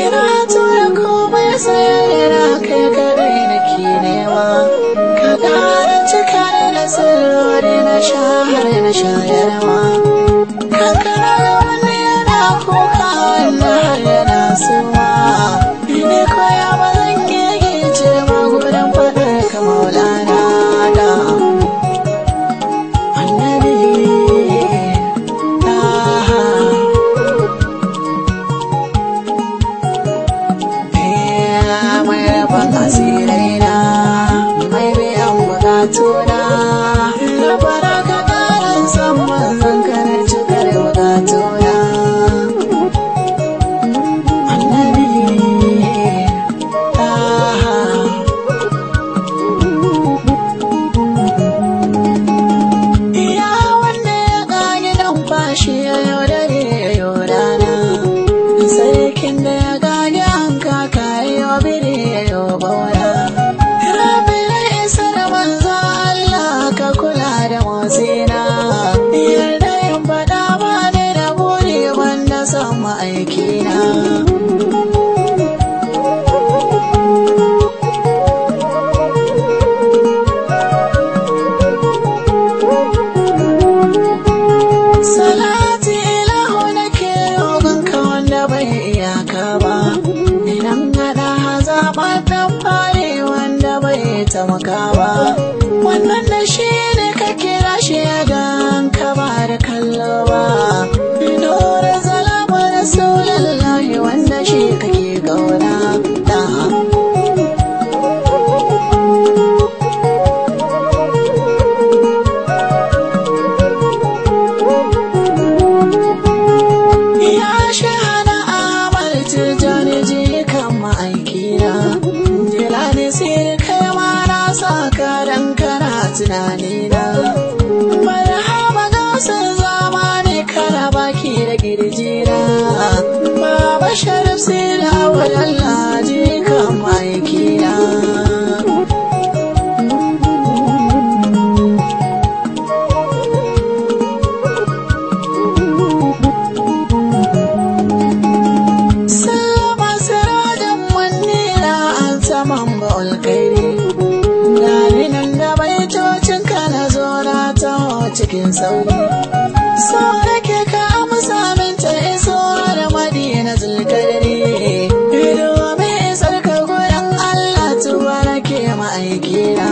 Ina tura komai sai taimakawa wannan tunanina marhaba gamsin zamani kana baki da girjina baba sharif sai da awal Allah kan mahaikina cikin sauri so kake ka amsa min ta iso da madina zulkarni mai isar ka gurin allah tuwa nake ma'aikina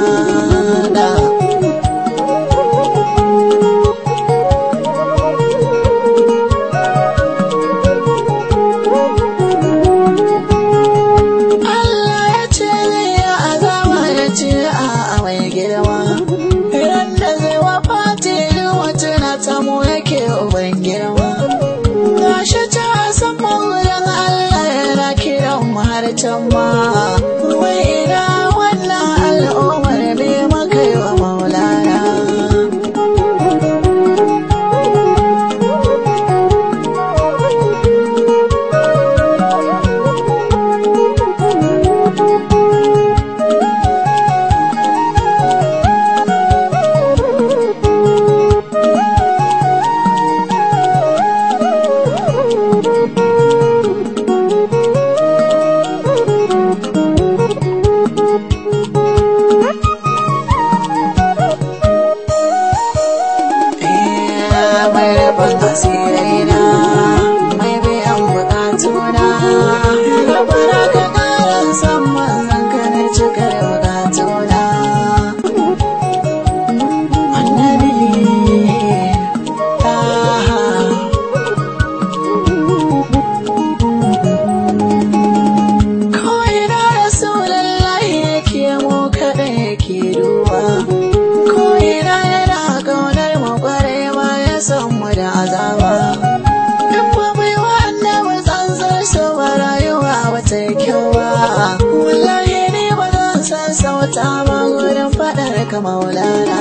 wurin fadar ka maulana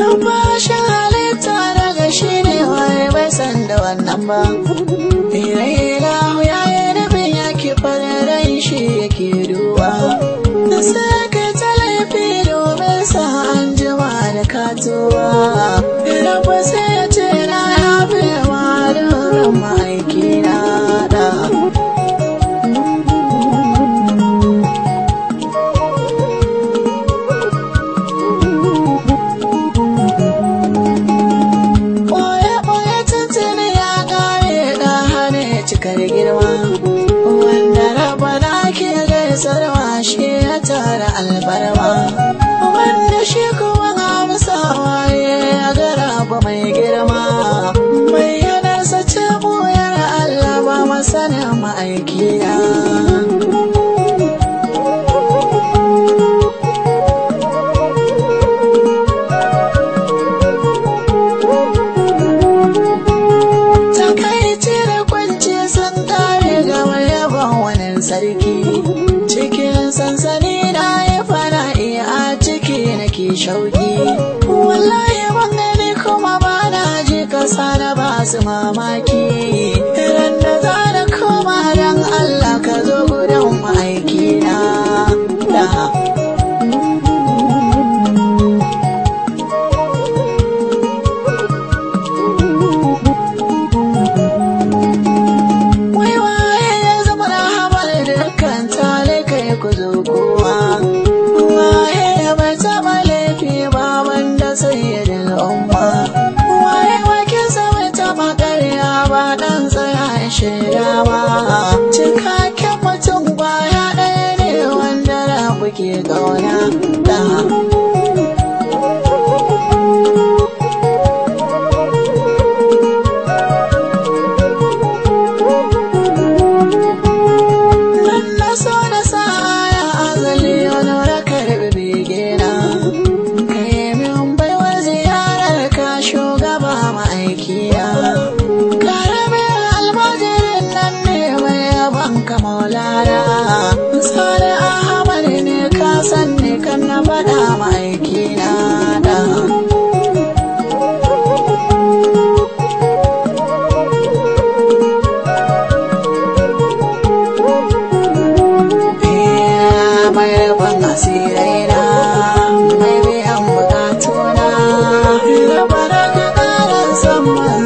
Numfashin halitta daga shi ne wai bai san da wannan ba. girma mai yanarsa ce boyar Allah ba masana ma'aikiya su mamaki da za da koma don Allah ka zo gudan ma'aikina da rawa cikakken mutum kwaya ɗaya ne wanda na kuke ƙauna Come on.